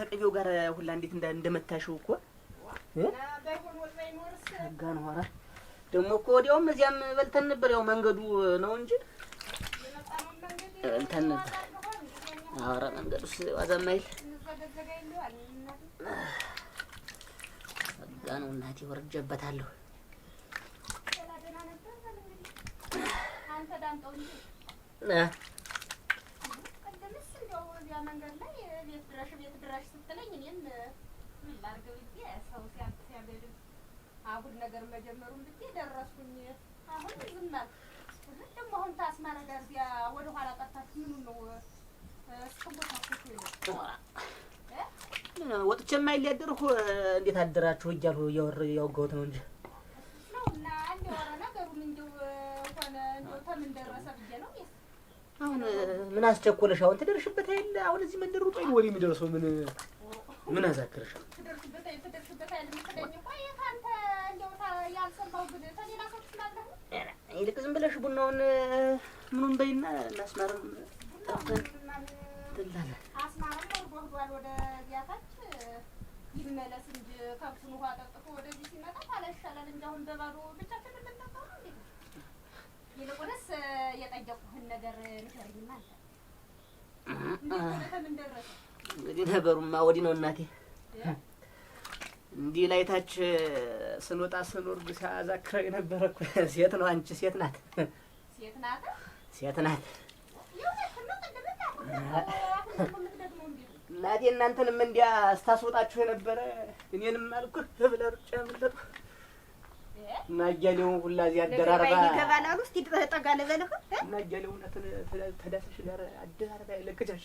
ተቅቤው ጋር ሁላ እንዴት እንደመታሽው እኮ ጋ ነው። ኧረ ደግሞ እኮ ወዲያውም እዚያም በልተን ነበር። ያው መንገዱ ነው እንጂ በልተን ነበር። ኧረ መንገዱስ ዋዛም አይል ጋ ነው። እናቴ ወርጀበታለሁ። አንተ ዳምጠው እንጂ ብላሽ ስትለኝ እኔም ምን ላድርግ ብዬ ሰው ሲያልቅ አሁን ነገር መጀመሩን ብዬ ደረስኩኝ። አሁን ዝም አልኩ። ደግሞ አሁን ታስማ ነገር እዚያ ወደ ኋላ ቀርታችሁ ምኑን ነው ወጥቼ የማይለያደርኩ እንዴት አደራችሁ እያልኩ ያወጋሁት ነው እንጂ እና እንደው ኧረ ነገሩን እንደው ሆነ እንደው ተምን ደረሰ ብዬ አሁን ምን አስቸኮለሽ? አሁን ትደርሽበት አይደል? አሁን እዚህ መንደር ሩጦ ወሬ የሚደርሰው? ምን ምን አዛክርሽ? ይልቅ ዝም ብለሽ ቡናውን ምኑን በይና እናስማርም ትላለ ይመለስ እንጂ ከብቱን ውሃ ጠጥቶ ወደዚህ ሲመጣ ታላሻለን እንጂ አሁን በባዶ ብቻችን ልንጠጣ ነው ይልቁንስ የጠየቁህን ነገር ንገረኝማ። እንግዲህ ነገሩማ ወዲህ ነው እናቴ። እንዲህ ላይታች ስንወጣ ስንወርድ ሲያዛክረው የነበረ እኮ ሴት ነው። አንቺ ሴት ናት፣ ሴት ናት፣ ሴት ናት እናቴ እናንተንም እንዲያ ስታስወጣችሁ የነበረ እኔንም አልኩህ ብለህ ሩጫ እና እያሌውን ሁላ እዚህ አደራርባ ይገባናሉ። እስኪ ጠጋ ልበልህ እና እያሌውን ተዳሰሽ ጋር አደራርባ ለቅቻሽ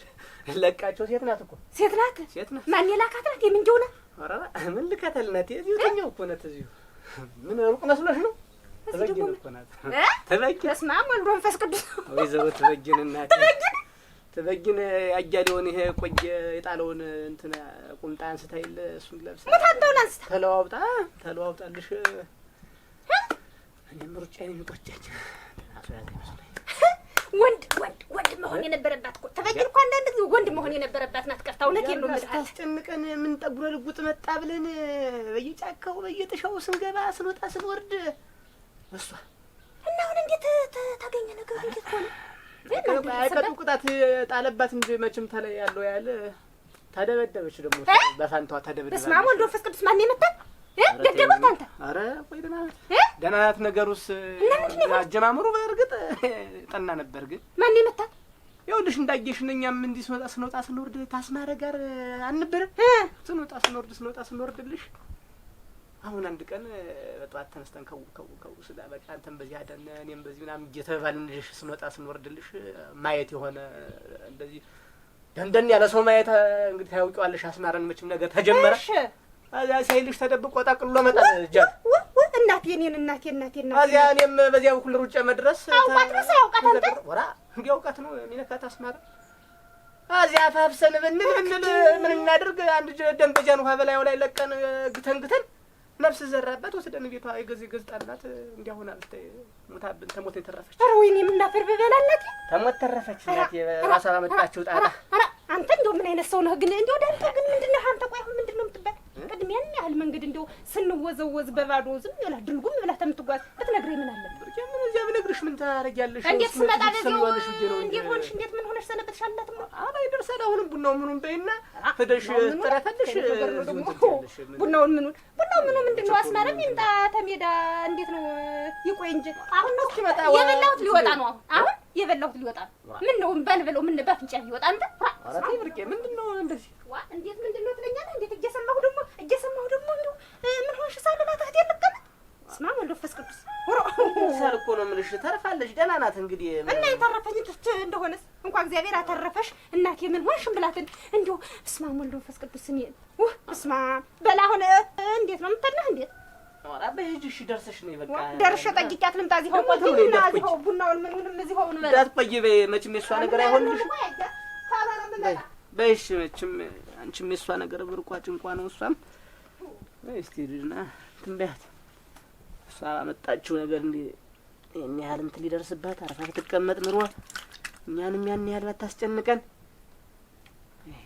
ለቃቸው። ሴት ናት እኮ ሴት ናት ሴት ናት። ማን የላካት ናት? የምንጀው ናት። ኧረ ምን ልካታል? ናት የዚሁ ተኛው እኮ ናት። እዚሁ ምን ሩቅ መስሎሽ ነው? ትበጅን እኮ ናት። ትበጅን በስመ ወልድ ወመንፈስ ቅዱስ ወይዘሮ ትበጅን እናት ትበጅን ያጃሌውን ይሄ ቆየ የጣለውን እንትን ቁምጣ አንስታ የለ እሱን ለብሳ ተለዋውጣ ተለዋውጣልሽ ወንድ ወንድ ወንድ መሆን የነበረባት እኮ እኮ አንዳንድ ጊዜ ወንድ መሆን የነበረባት ናት። ቀርታ እውነቴን ነው። ስታስጨንቀን የምንጠጉረ ልጉጥ መጣ ብለን በየጫካው በየጥሻው ስንገባ ስንወጣ ስንወርድ እሷ እና አሁን እንዴት ተገኘ ነገሩ? እንዴት ሆነ? ከጥም ቁጣት ጣለባት እንጂ መቼም ተለይ ያለው ያለ ተደበደበች። ደግሞ በፋንታዋ ተደበደበች። በስመ አብ ወወልድ ወመንፈስ ቅዱስ ማን የመታል ደደባት አንተ። ኧረ ቆይ ደህና ናት፣ ደህና ናት። ነገሩስ አጀማመሩ በእርግጥ ጠና ነበር። ግን ማን የመታት? ይኸውልሽ እንዳየሽ እኛም እንዲህ ስንወጣ ስንወጣ ስንወርድ ታስማረ ጋር አልነበረ? ስንወጣ ስንወርድ ስንወጣ ስንወርድልሽ አሁን አንድ ቀን በጠዋት ተነስተን ከው ከው ከው ስላ በቃ አንተም በዚህ አደነ እኔም በዚህ ምናምን እየተባባልንልሽ ስንወጣ ስንወርድልሽ ማየት የሆነ እንደዚህ ደንደን ያለ ሰው ማየት እንግዲህ ታያውቂዋለሽ። አስማረን መቼም ነገር ተጀመረ አዚያ ሳይልሽ ተደብቆ ጠቅሎ መጣ። እናቴ እኔን እናቴ እናቴ እናቴ አዚያ እኔም በዚያ በኩል ሩጫ መድረስ አውቃት ነው የሚነካት አስማራ አዚያ ፋፍሰን ብንል ብንል ምን እናድርግ? አንድ ደንበጃን ውሃ በላዩ ላይ ለቀን ግተን ግተን ነፍስ ዘራበት ወስደን ቤቷ የገዝ ገዝ ጣላት። እንዲያሁን አልተ ሙታብን ተሞት የተረፈች ኧረ ወይኔ የምናፈር ብበላ ተሞት ተረፈች እናቴ ራሷ ባመጣችው ጣጣ። አንተ እንደው ምን አይነት ሰው ነህ ግን? እንደው ዳንተ ግን ምንድን አንተ? ቆይ የምትባል ቅድም ያን ያህል መንገድ እንደው ስንወዘወዝ በባዶ ዝም ብላ ድልጉም ብላ ተምትጓዝ ብትነግረኝ ምን አለ? ምን እዚያ ብነግርሽ ምን ታረጊያለሽ? እንዴት ስመጣ በዚያው እንዴት ሆንሽ? እንዴት ምን ሆነሽ ሰነበትሽ? አላት አባ አባይ አሁንም ቡናው ምኑን በይና ሄደሽ ጠራታለሽ። ቡናውን ምኑን ቡናው ምኑ ምንድን ነው? አስማረም ይምጣ ተሜዳ እንዴት ነው? ይቆይ እንጂ አሁን ነው የበላሁት ሊወጣ ነው። አሁን አሁን የበላሁት ሊወጣ ነው። ምን ነው በል ብለው ምን በአፍንጫ ሊወጣ አንተ ኧረ ተይ ብርቄ፣ ምንድን ነው እንደዚህ? ዋ እንዴት ምንድን ነው ትለኛለህ? እንዴት እየሰማሁ ደግሞ እየሰማሁ ደግሞ እንደው ምን ሆንሽ ሳል እላት እህቴ እንቀመጥ። ስማ ወልዶ ፈስ ቅዱስ ወሮ ሳል እኮ ነው የምልሽ። ተርፋለሽ፣ ደህና ናት። እንግዲህ እና የተረፈኝ እንደሆነስ እንኳን እግዚአብሔር አተረፈሽ እናቴ። ምን ሆንሽም ብላትን እንደው ስማ ወልዶ ፈስ ቅዱስ እኔ ውህ ስማ በላ አሁን እንዴት ነው የምትልና እንዴት በሄጅሽ ደርሰሽ ነው በቃ ደርሼ ጠይቂያት ልምጣ። እዚህ ሆ ቡናውን ምንም እዚህ ሆ እንበላ እንዳትቆይ በይ። መቼም የእሷ ነገር አይሆንልሽም በይሽ መቼም አንቺም የእሷ ነገር ብርቋ ጭንቋ ነው። እሷም እስቲ እሷ ባመጣችው ነገር እንዲ ይህን ያህል እንትን ሊደርስባት አርፋ ብትቀመጥ ኑሮ እኛንም ያን ያህል ባታስጨንቀን ይሄ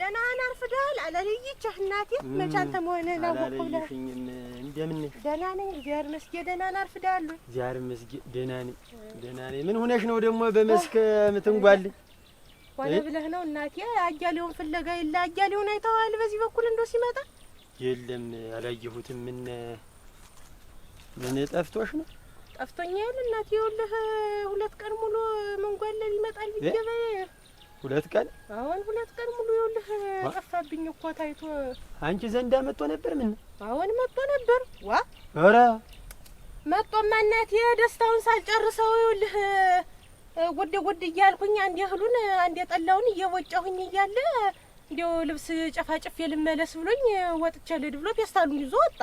ደህና ነህ? አርፍደሃል። አላልይችህ እናቴ መቼ አንተ መሆንህን አወኩህ ብለህ እንደምን ደህና ነኝ እግዚአብሔር ይመስገን። ደህና ነህ? አርፍደሃል እግዚአብሔር ይመስገን ደህና ነኝ፣ ደህና ነኝ። ምን ሆነሽ ነው ደግሞ በመስክ የምትንጓልኝ? ሆነ ብለህ ነው እናቴ? አያሌውን ፍለጋ የለ አያሌውን አይተኸዋል? በዚህ በኩል እንደው ሲመጣ የለም አላየሁትም። ምን ምን ጠፍቶሽ ነው? ጠፍቶኛል እናቴ። ይኸውልህ ሁለት ቀን ሙሉ መንጓለል ይመጣል ብዬሽ በይ ሁለት ቀን አሁን ሁለት ቀን ሙሉ ይኸውልህ ጠፋብኝ እኮ ታይቶ። አንቺ ዘንዳ መጥቶ ነበር? ምን አሁን መጥቶ ነበር? ዋ ኧረ መጥቶማ እናቴ ደስታውን ሳልጨርሰው ይኸውልህ ወድ ጎድ እያልኩኝ አንዴ እህሉን አንዴ ጠላውን እየቦጨሁኝ እያለ እንዲያው ልብስ ጨፋጭፌ ልመለስ ብሎኝ ወጥቼ ልሂድ ብሎ ፌስታሉን ይዞ ወጣ።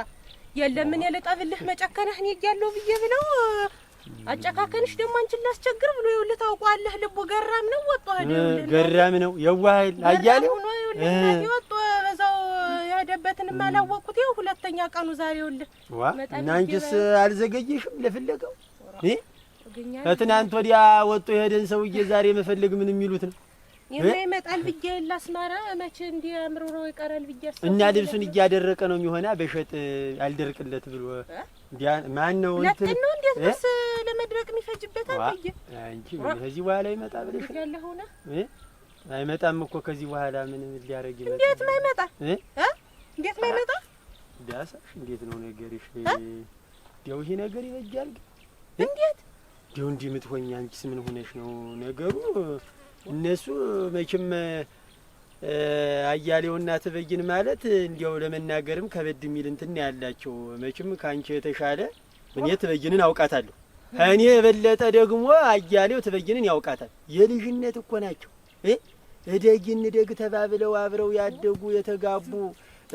የለም እኔ ልጠብልህ እያለሁ ብዬ ብለው አጨካከንሽ ደግሞ አንቺን ላስቸግር ብሎ ይኸውልህ፣ ታውቀዋለህ። ልቦ ገራም ነው ወጦ ገራም ነው የዋህል አያሌው ወጦ በዛው የሄደበትንም ማላወቁት ይኸው ሁለተኛ ቀኑ ዛሬ ይኸውልህ። እና አንቺስ አልዘገየሽም ለፍለጋው? ከትናንት ወዲያ ወጦ የሄደን ሰውዬ ዛሬ መፈልግ ምን የሚሉት ነው? ይሄ ይመጣል ብዬ ላስማራ መቼ እንዲህ አምርሮ ይቀራል ብዬ እና ልብሱን እያደረቀ ነው የሚሆና በሸጥ አልደርቅለት ብሎ ማን ነው እንትን ነው? እንዴት ልብስ ለመድረቅ የሚፈጅበታል? አይ እንጂ ከዚህ በኋላ ይመጣ ብለሽ ያለህ ሆነ አይመጣም እኮ ከዚህ በኋላ ምን ሊያደርግ ይመጣ? እንዴት ማይመጣ እ እንዴት ማይመጣ ዳሳሽ እንዴት ነው ነገርሽ? እንዲያው ይሄ ነገር ይበጃል ግን እንዴት እንዲያው እንዲህ የምትሆኝ አንቺስ ምን ሆነሽ ነው ነገሩ? እነሱ መቼም አያሌውና ትበይን ማለት እንዲያው ለመናገርም ከበድ የሚል እንትን ያላቸው መቼም ከአንቺ የተሻለ እኔ ተበይንን አውቃታለሁ። እኔ የበለጠ ደግሞ አያሌው ትበይንን ያውቃታል። የልጅነት እኮ ናቸው። እደጊን ደግ ተባብለው አብረው ያደጉ የተጋቡ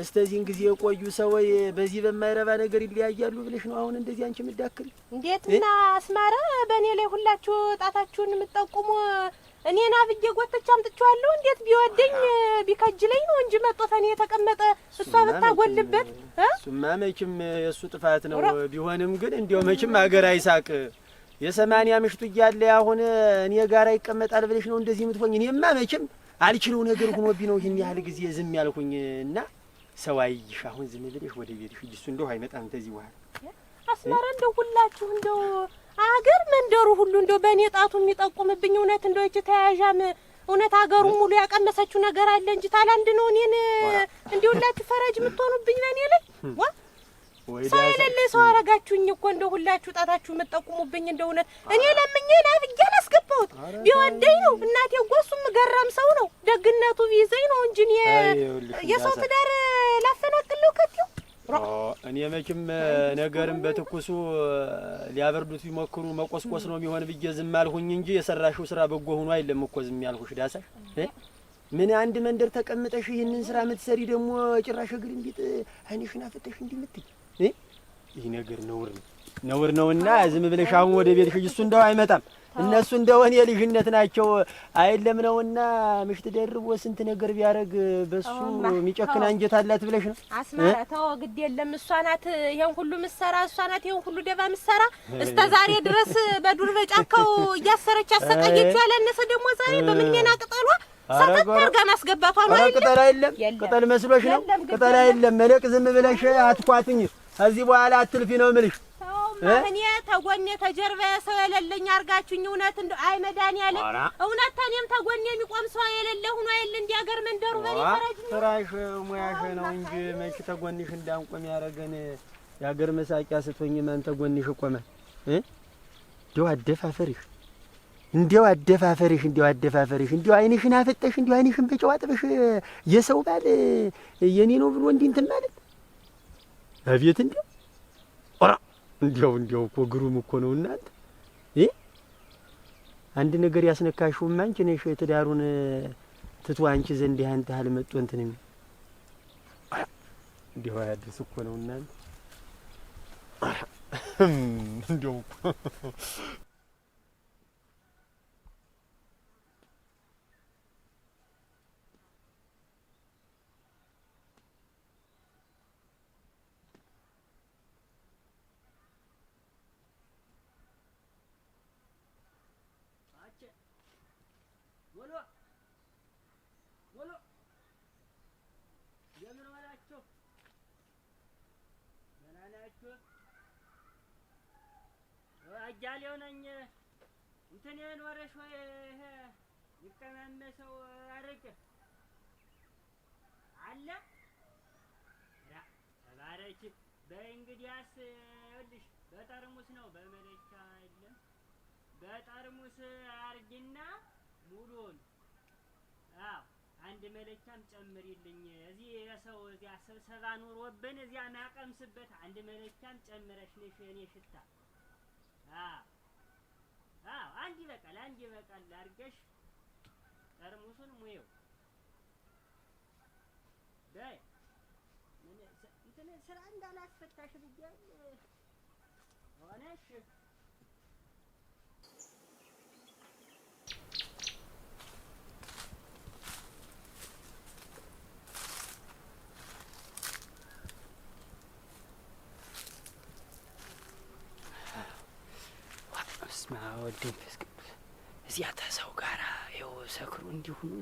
እስተዚህን ጊዜ የቆዩ ሰዎች በዚህ በማይረባ ነገር ይለያያሉ ብለሽ ነው አሁን እንደዚህ አንቺ የምዳክል እንዴት? እና አስማራ በእኔ ላይ ሁላችሁ ጣታችሁን የምትጠቁሙ እኔን አብዬ ጎተቻ አምጥቼዋለሁ። እንዴት ቢወደኝ ቢከጅለኝ ነው እንጂ መጦት እኔ የተቀመጠ እሷ ብታጎልበት እሱማ መችም የእሱ ጥፋት ነው። ቢሆንም ግን እንዲያው መችም አገር አይሳቅ የሰማንያ ምሽቱ እያለ አሁን እኔ ጋራ ይቀመጣል ብለሽ ነው እንደዚህ የምትሆኝ? እኔማ መችም አልችለው ነገር ሆኖብኝ ነው ይህን ያህል ጊዜ ዝም ያልኩኝ እና ሰው አይይሽ። አሁን ዝም ብለሽ ወደ ቤትሽ እጅ እሱ እንደው አይመጣም። ተዚህ በኋላ አስመራ እንደው ሁላችሁ እንደው አገር መንደሩ ሁሉ እንደ በእኔ ጣቱ የሚጠቁምብኝ እውነት እንደ እጅ ተያዣም እውነት አገሩ ሙሉ ያቀመሰችው ነገር አለ እንጂ ታላንድ ነው። እኔን እንዲሁ ሁላችሁ ፈረጅ የምትሆኑብኝ በእኔ ላይ ሰው የሌለ ሰው አረጋችሁኝ እኮ እንደ ሁላችሁ ጣታችሁ የምትጠቁሙብኝ እንደ እውነት እኔ ለምኜ ላብዬ አላስገባሁት ቢወደኝ ነው እናቴ ጎሱም ገራም ሰው ነው ደግነቱ ቢይዘኝ ነው እንጂ የሰው ትዳር ላፈናቅለው ከትው እኔ መቼም ነገርም በትኩሱ ሊያበርዱት ቢሞክሩ መቆስቆስ ነው የሚሆን ብዬ ዝም አልሁኝ እንጂ የሰራሽው ስራ በጎ ሆኖ አይደለም እኮ ዝም ያልሁሽ ዳሳሽ። ምን አንድ መንደር ተቀምጠሽ ይህንን ስራ ምትሰሪ ደግሞ ጭራሽ እግር እንዲጥ አይንሽን አፍተሽ እንዲምትይ ይህ ነገር ነውር ነው ነውር ነውና ዝም ብለሽ አሁን ወደ ቤትሽ እሱ እንደው አይመጣም እነሱ እንደሆን የልጅነት ናቸው። አይለም ነውና ምሽት ደርቦ ስንት ነገር ቢያደርግ በሱ የሚጨክን አንጀት አላት ብለሽ ነው? አስማራ ተው፣ ግድ የለም እሷ ናት ይሄን ሁሉ ምሰራ፣ እሷ ናት ይሄን ሁሉ ደባ ምሰራ። እስከ ዛሬ ድረስ በዱር በጫካው እያሰረች አሰቃየችው። ያለነሰ ደግሞ ዛሬ በምን ቅጠሏ ሰጠት ማስገባቷ ነው። ቅጠል አይለም ቅጠል መስሎሽ ነው? ቅጠል አይለም መለቅ። ዝም ብለሽ አትኳትኝ። ከዚህ በኋላ አትልፊ ነው ምልሽ እኔ ተጎኔ ተጀርባ ሰው የሌለኝ አድርጋችሁኝ እውነት እንደው አይ መድኃኒዓለም እውነት ተኔም ተጎኔ የሚቆም ሰው የሌለ ሆኖ የለ እንዲ ሀገር መንደሩ ስራሽ ሙያሽ ነው እንጂ ተጎንሽ እንዳንቆም ያደረገን የሀገር መሳቂያ ስትሆኝ ማን ተጎንሽ ቆማል? አደፋፈሪሽ እንዲያው አደፋፈሪሽ እንዲያው አደፋፈሪሽ አይንሽን አፈጠሽ እንዲያው አይንሽን በጨው አጥበሽ የሰው ባል የኔ ነው ብሎ እንዲህ እንትን ማለት አቤት እንዲያው እንዲያው እኮ ግሩም እኮ ነው እናት እ አንድ ነገር ያስነካሽውማ አንቺ ነሽ። የትዳሩን ትቶ አንቺ ዘንድ ያንተ ሀል መጥቶ እንትን ነው እንዲያው አያድርስ እኮ ነው እናንተ እንዲያው አያሌው ነኝ። እንትን ኖረሽ ወይ ይሄ ይቀማመሰው አረቄ አለ። ተባረኪ በይ። እንግዲያስ ይኸውልሽ በጠርሙስ ነው በመለኪያ የለም። በጠርሙስ አርጊና ሙሉውን አዎ አንድ መለኪያም ጨምሪልኝ። እዚህ የሰው እዚያ ስብሰባ ኑሮብን እዚያ ማቀምስበት አንድ መለኪያም ጨምረሽ ነሽ የኔ ሽታ። አዎ አንድ ይበቃል፣ አንድ ይበቃል አድርገሽ ጠርሙሱን ሙየው በይ። እንትን ስራ እንዳላስፈታሽ ብዬሽ ሆነሽ እዚያ ተሰው ጋር ይኸው ሰክሩ እንዲሆኑ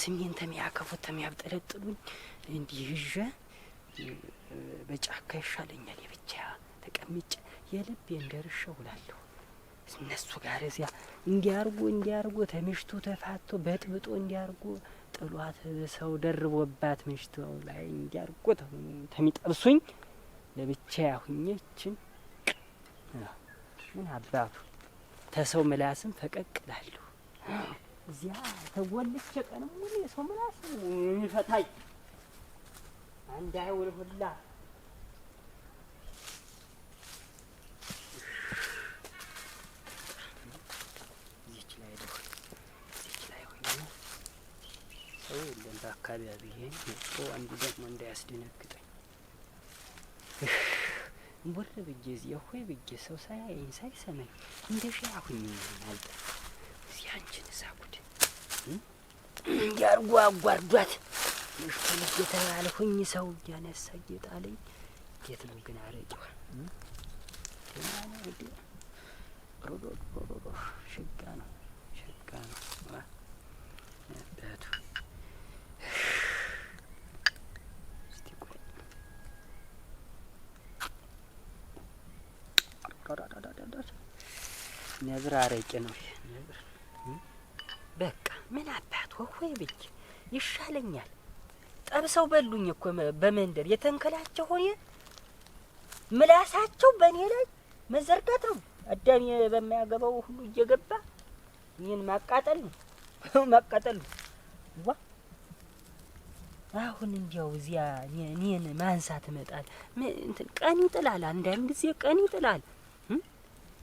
ስሜን ተሚያከፉት ተሚያብጠለጥሉኝ እንዲህ ይዤ በጫካ ይሻለኛል። የብቻ ተቀምጬ የልብ እንደርሻ ውላለሁ። እነሱ ጋር እዚያ እንዲያርጎ እንዲያርጎ ተምሽቶ ተፋቶ በጥብጦ እንዲያርጎ ጥሏት ሰው ደርቦባት ምሽቶ ላይ እንዲያርጎ ተሚጠብሱኝ ለብቻ ያሁኘችን ምን አባቱ ተሰው ምላስም ፈቀቅ እላለሁ። እዚያ ተወልቼ ቀን ሙሉ የሰው ምላስ የሚፈታኝ አንድ አይውል ሁላ ሰው የለም በአካባቢ ብዬ መጥቶ አንዱ ደግሞ እንዳያስደነግጠኝ እምቦር ብዬ እዚያ ሆይ ሰው ሳያየኝ ሳይሰማኝ እንደ ሻያ ሁኜ ይሆናል። እዚህ አንቺን ሳጉድ እንዲያርጎ አጓርዷት ሽኮል ሰው እያነሳ እየጣለኝ የት ነው ግን አረቂዋ ሮዶ ሮዶ ሸጋ ነው። ነብር አረቄ ነው። ነብር በቃ ምን አባት ወይ ብቻ ይሻለኛል። ጠብሰው በሉኝ እኮ በመንደር የተንከላቸው ሆኔ ምላሳቸው በእኔ ላይ መዘርጋት ነው። አዳሚ በማያገባው ሁሉ እየገባ ይህን ማቃጠል ነው ማቃጠል ነው። ዋ አሁን እንዲያው እዚያ እኔን ማንሳት እመጣል። ቀን ይጥላል፣ አንዳንድ ጊዜ ቀን ይጥላል።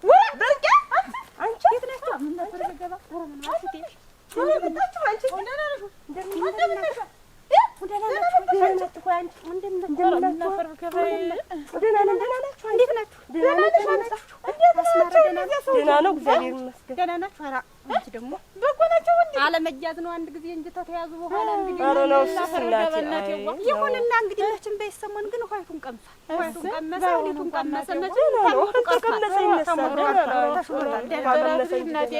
ደህና ነው። እግዚአብሔር ይመስገን። ደህና ናችሁ? አንቺ ደግሞ በጎ ናቸው እንዴ? አለመያዝ ነው አንድ ጊዜ እንጂ ተተያዙ በኋላ እንግዲህ አረ ነው ስለላቲ ይሁንና እንግዲህ መቼም በይሰማን ግን ሆይቱን ቀምሷል። ሆይቱን ቀመሰ፣ ሆይቱን ቀመሰ፣ መቼም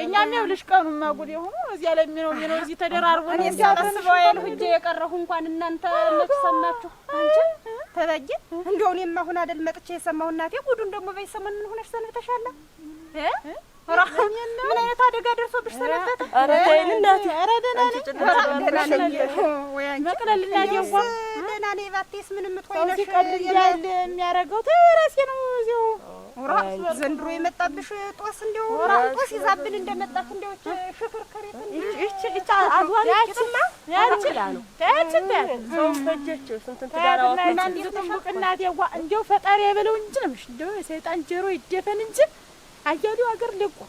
እኛም ይኸውልሽ ቀኑ ማጉድ የሆኑ እዚያ ላይ የሚኖር የሚኖር እዚህ ተደራርቦ ነው ያስበው ያል ሂጄ የቀረሁ እንኳን እናንተ መች ሰማችሁ አንቺ ተበጀ እንደው እኔማ አሁን አይደል መጥቼ የሰማሁ እናቴ ጉዱን ደግሞ በይሰማን ምን ሆነሽ ሰንብተሻል እ ምን አይነት አደጋ ደርሶብሽ ሰነበተ? ኧረ ተይኝ እናቴ። ኧረ ደህና ነኝ በቅለል እናቴ። እንኳ ደህና ነኝ ባትይስ ምንም እትሆኝ ነሽ እያለ የሚያደርገው ተይ እራሴ ነው እዚያው ዘንድሮ የመጣብሽ ጦስ እንደው ጦስ ይዛብን እንደመጣሽ እንደው ሽክርክሪት እንደው ፈጣሪ አይበለው እንጂ ነው እንደው የሰይጣን ጀሮ ይደፈን እንጂ አያሌው ሀገር ለቆ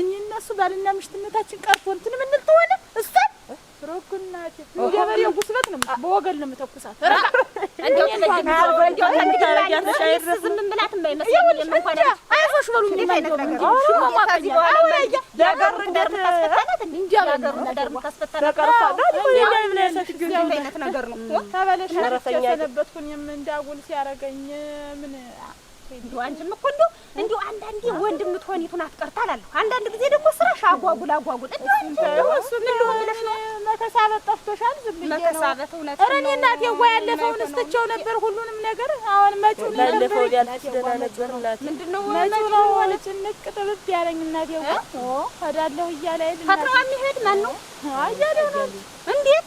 እኔ እነሱ ባልና ምሽትነታችን ቀርቶ እንትን የምንል ተሆነ እሷን ሮኩና ገበሬ ጉስበት ነው በወገል ነው የምተኩሳት። ነገር ነው ምን እንዲሁ አንቺም እኮ እንዲሁ እንዲሁ አንዳንዴ ወንድ የምትሆን የቱን አትቀርታ አላለሁ። አንዳንድ ጊዜ ደግሞ ስራሽ አጓጉል አጓጉል እንዲሁ አንቺ እንዲሁ ብለሽ ነው መተሳበት ጠፍቶሻል። ዝም ብዬሽ መተሳበት። እውነት ኧረ እኔ እናቴ ዋ ያለፈውን ስትቸው ነበር ሁሉንም ነገር አሁን መጪውን ባለፈው ያልኩሽ ደህና ነበር እናቴ። ምንድን ነው መጪው ነው አለች። እንቅ ጥብብ ያለኝ እናቴ ዋ እሄዳለሁ እያለ አይደል ፈጥነዋ የሚሄድ ማን ነው እያለሁ ነው እንዴት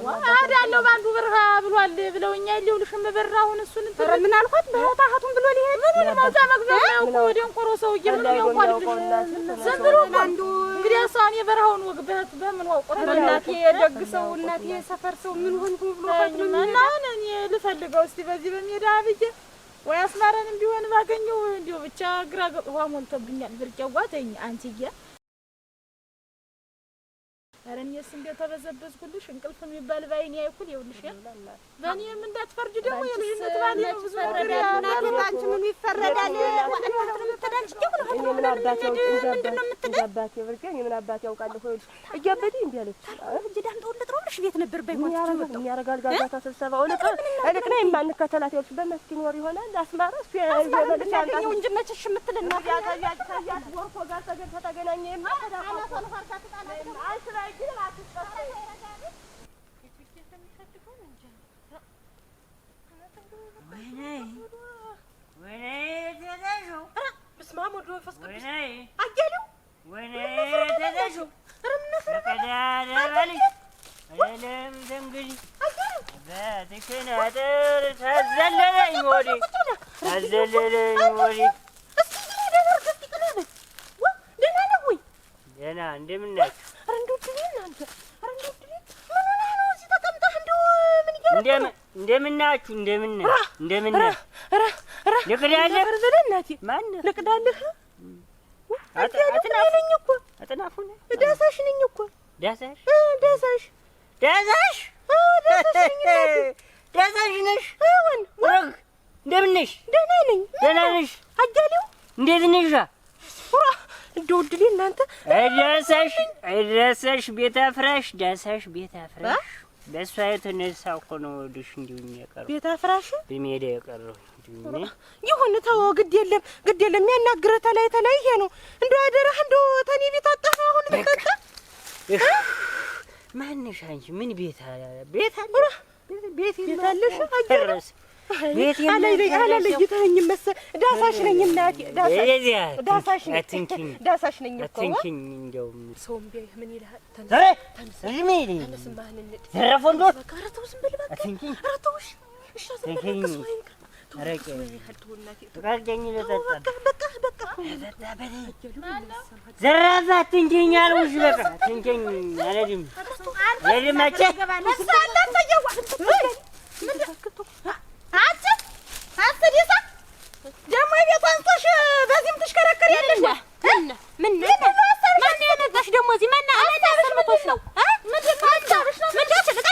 እሄዳለሁ በአንዱ ብር ብሏል ብለውኛ ልሽም ብር አሁን እሱን እንትን ምን አልኳት ሀቱን ብሎ ሊሄድ ምን ነው መውጫ መግቢያ ነው ያውቁ ደንቆሮ ሰውዬ ምኑን ነው ዝም ብሎ እኮ አንዱ እንግዲህ እሷን የበረሃውን ወግበት በምን ዋውቁ እናቴ የደግ ሰው እናቴ የሰፈር ሰው ምን ሆንኩ ብሎ እና አሁን እኔ ልፈልገው እስቲ በዚህ በሜዳ ብዬ ወይ አስማረንም ቢሆን ባገኘው እንዲሁ ብቻ ግራ ገጥኋ ሞልቶብኛል ብርቄዋ ተይኝ አንቺዬ ኧረ እኔስ እንደው ተበዘበዝኩልሽ እንቅልፍ የሚባል ባይኔ አይኩል ይኸውልሽ፣ በእኔም እንዳትፈርጅ ደግሞ የልጅነት ባል ነው። ብዙ አንቺ ምኑ ይፈረዳል? ምን አባት አባቴ ብርጌ ምን አባት ያውቃለሁ። ይኸውልሽ እያበደ እንዲህ አለች እንጂ ዳምጠውለት ነው ልሽ ቤት ነበር ባይሆን የሚያረጋል ጋዛታ ስብሰባ እልቅ ነው የማንከተላት። ይኸውልሽ በመስኪን ወር ይሆናል አስማራ እሱ ያገኘው እንጂ መችሽ የምትልና ወርፎ ጋር ተገናኘ ويني ويني تدجو بس ما مدرو فسق ويني عجلو ويني تدجو لقد عجبني لم تنقلي باتك نادر تهزل لي موري هزل لي موري አላችሁ? እንደምን እንደምን ልቅዳለህ? በእናቴ ማነህ? ልቅዳለህ? አጥናፉ ነኝ እኮ አጥናፉ ነኝ። ዳሳሽ ነኝ እኮ ዳሳሽ ዳሳሽ ዳሳሽ ዳሳሽ ነሽ። ወግ እንደምን ነሽ? ደህና ነኝ። ደህና ነሽ? አያሌው እንዴት ነሽ? እንደው እናንተ ዳሳሽ ዳሳሽ ቤት አፍራሽ ዳሳሽ ቤት አፍራሽ በእሷ የተነሳ እኮ ነው ወዲሽ እንዲሁኝ የቀረው ቤት አፍራሽ በሜዳ የቀረው ይሁን። ተው ግድ የለም ግድ የለም። የሚያናግርህ ተላይ ተላይ ይሄ ነው። እንዶ አደራህ እንዶ ተኔ ቤት አጣፋ አሁን ተቀጣ ማንሽ አንቺ ምን ቤት ቤት ቤት ቤት አለሽ አጀረስ አላለይተኸኝ መሰል ዳሳሽ ነኝ እናቴ፣ ዳሳሽ ነኝ ዳሳሽ እንደውም ሰውም ቢያይህ ምን ይልሃል? ዘራፍ አትንኪኝ አልኩሽ። በቃ አትንኪኝ አልሄድም። አስተዲሳ ደግሞ የቤት አንሶሽ በዚህም ትሽከረከር ያለሽ ምን ነው ማን ያመጣሽ ደግሞ እዚህ ማን አመጣሽ ነው ምንድን ነው ምንድን ነው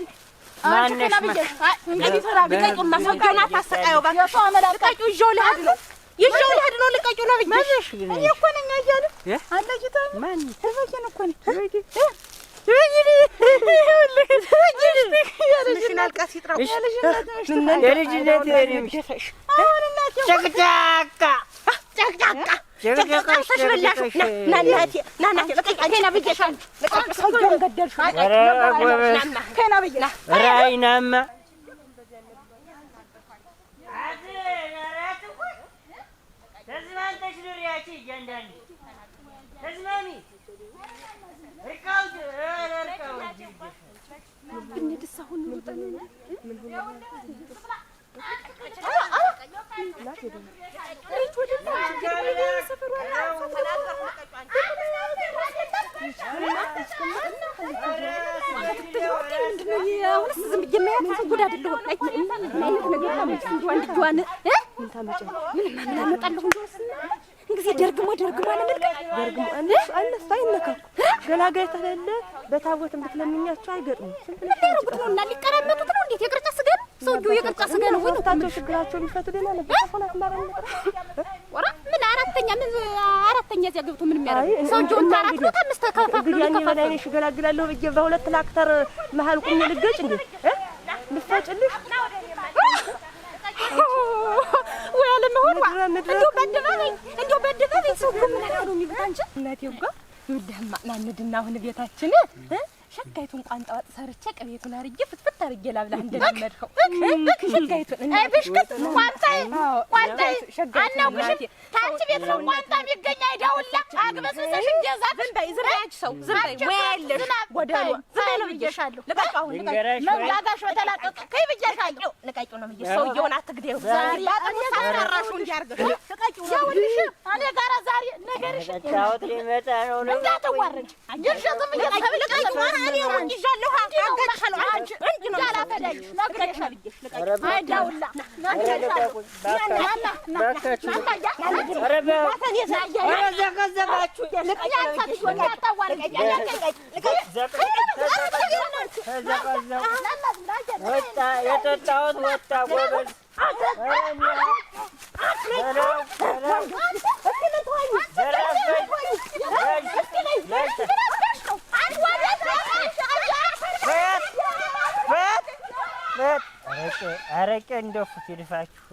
ጨቅጫቃ ጨቅጫቃ ተዝማሚ ታቦት ብትለምኛቸው አይገጥሙም። ሊያረጉት ነው እና ሊቀራመጡት ነው። እንዴት የቅርጫ ስጋ ነው ሰውዬው፣ የቅርጫ ስጋ ነው ወይ ታቸው ችግራቸው የሚፈቱ ደና ነበር። ኧረ ምን አራተኛ ምን አራተኛ እዚያ ገብቶ ምን የሚያደርግ ሰውዬውን ታራት ነው ታምስተ ከፋፍሎ ይከፋፍሎ እኔ ሽገላግላለሁ ብዬ በሁለት ላክተር መሀል ቁሜ ልገጭ እንዴ ልፈጭልሽ ወይ አለመሆን እንዲሁ በአደባባይ እንዲሁ በአደባባይ ሰው ምን ነው የሚሉት አንቺ እናቴ ጓ ይኸውልህማ ናንድና አሁን ቤታችን ሸጋይቱን ቋንጣ ወጥ ሰርቼ ቅቤቱን አርጌ ፍትፍት አርጌ ላብላ። እንደለመድከው ሸጋይቱን ብሽክት ቋንጣ ቋንጣ አናውቅሽም። ታንቺ ቤት ነው ቋንጣ የሚገኝ አይዳውላ አግበስብሰሽ እንጀዛ ዝም በይ ዝም በይ ሰው ዝም በይ ወይ ያለሽ ጎደሎ ዝም በይ ነው ብዬሻለሁ። ልቀቃሁ መውላጋሽ በተላቀቀ ከይ ብዬሻለሁ። ልቀቂው ነው ብዬሽ ሰውዬውን አትግደው። ዛሬ ሳራራሹ እንዲያርገሽ ልቀቂው ነው ይኸውልሽ እኔ ጋራ ዛሬ ነገርሽ ታውት ሊመጣ ነው ነው እንዳትዋረጅ ይርሸትም ነው የጠጣሁት ወጣ ጎበዝ Wait! Wait! Wait! አረቄ እንደወፉት ይድፋችሁ።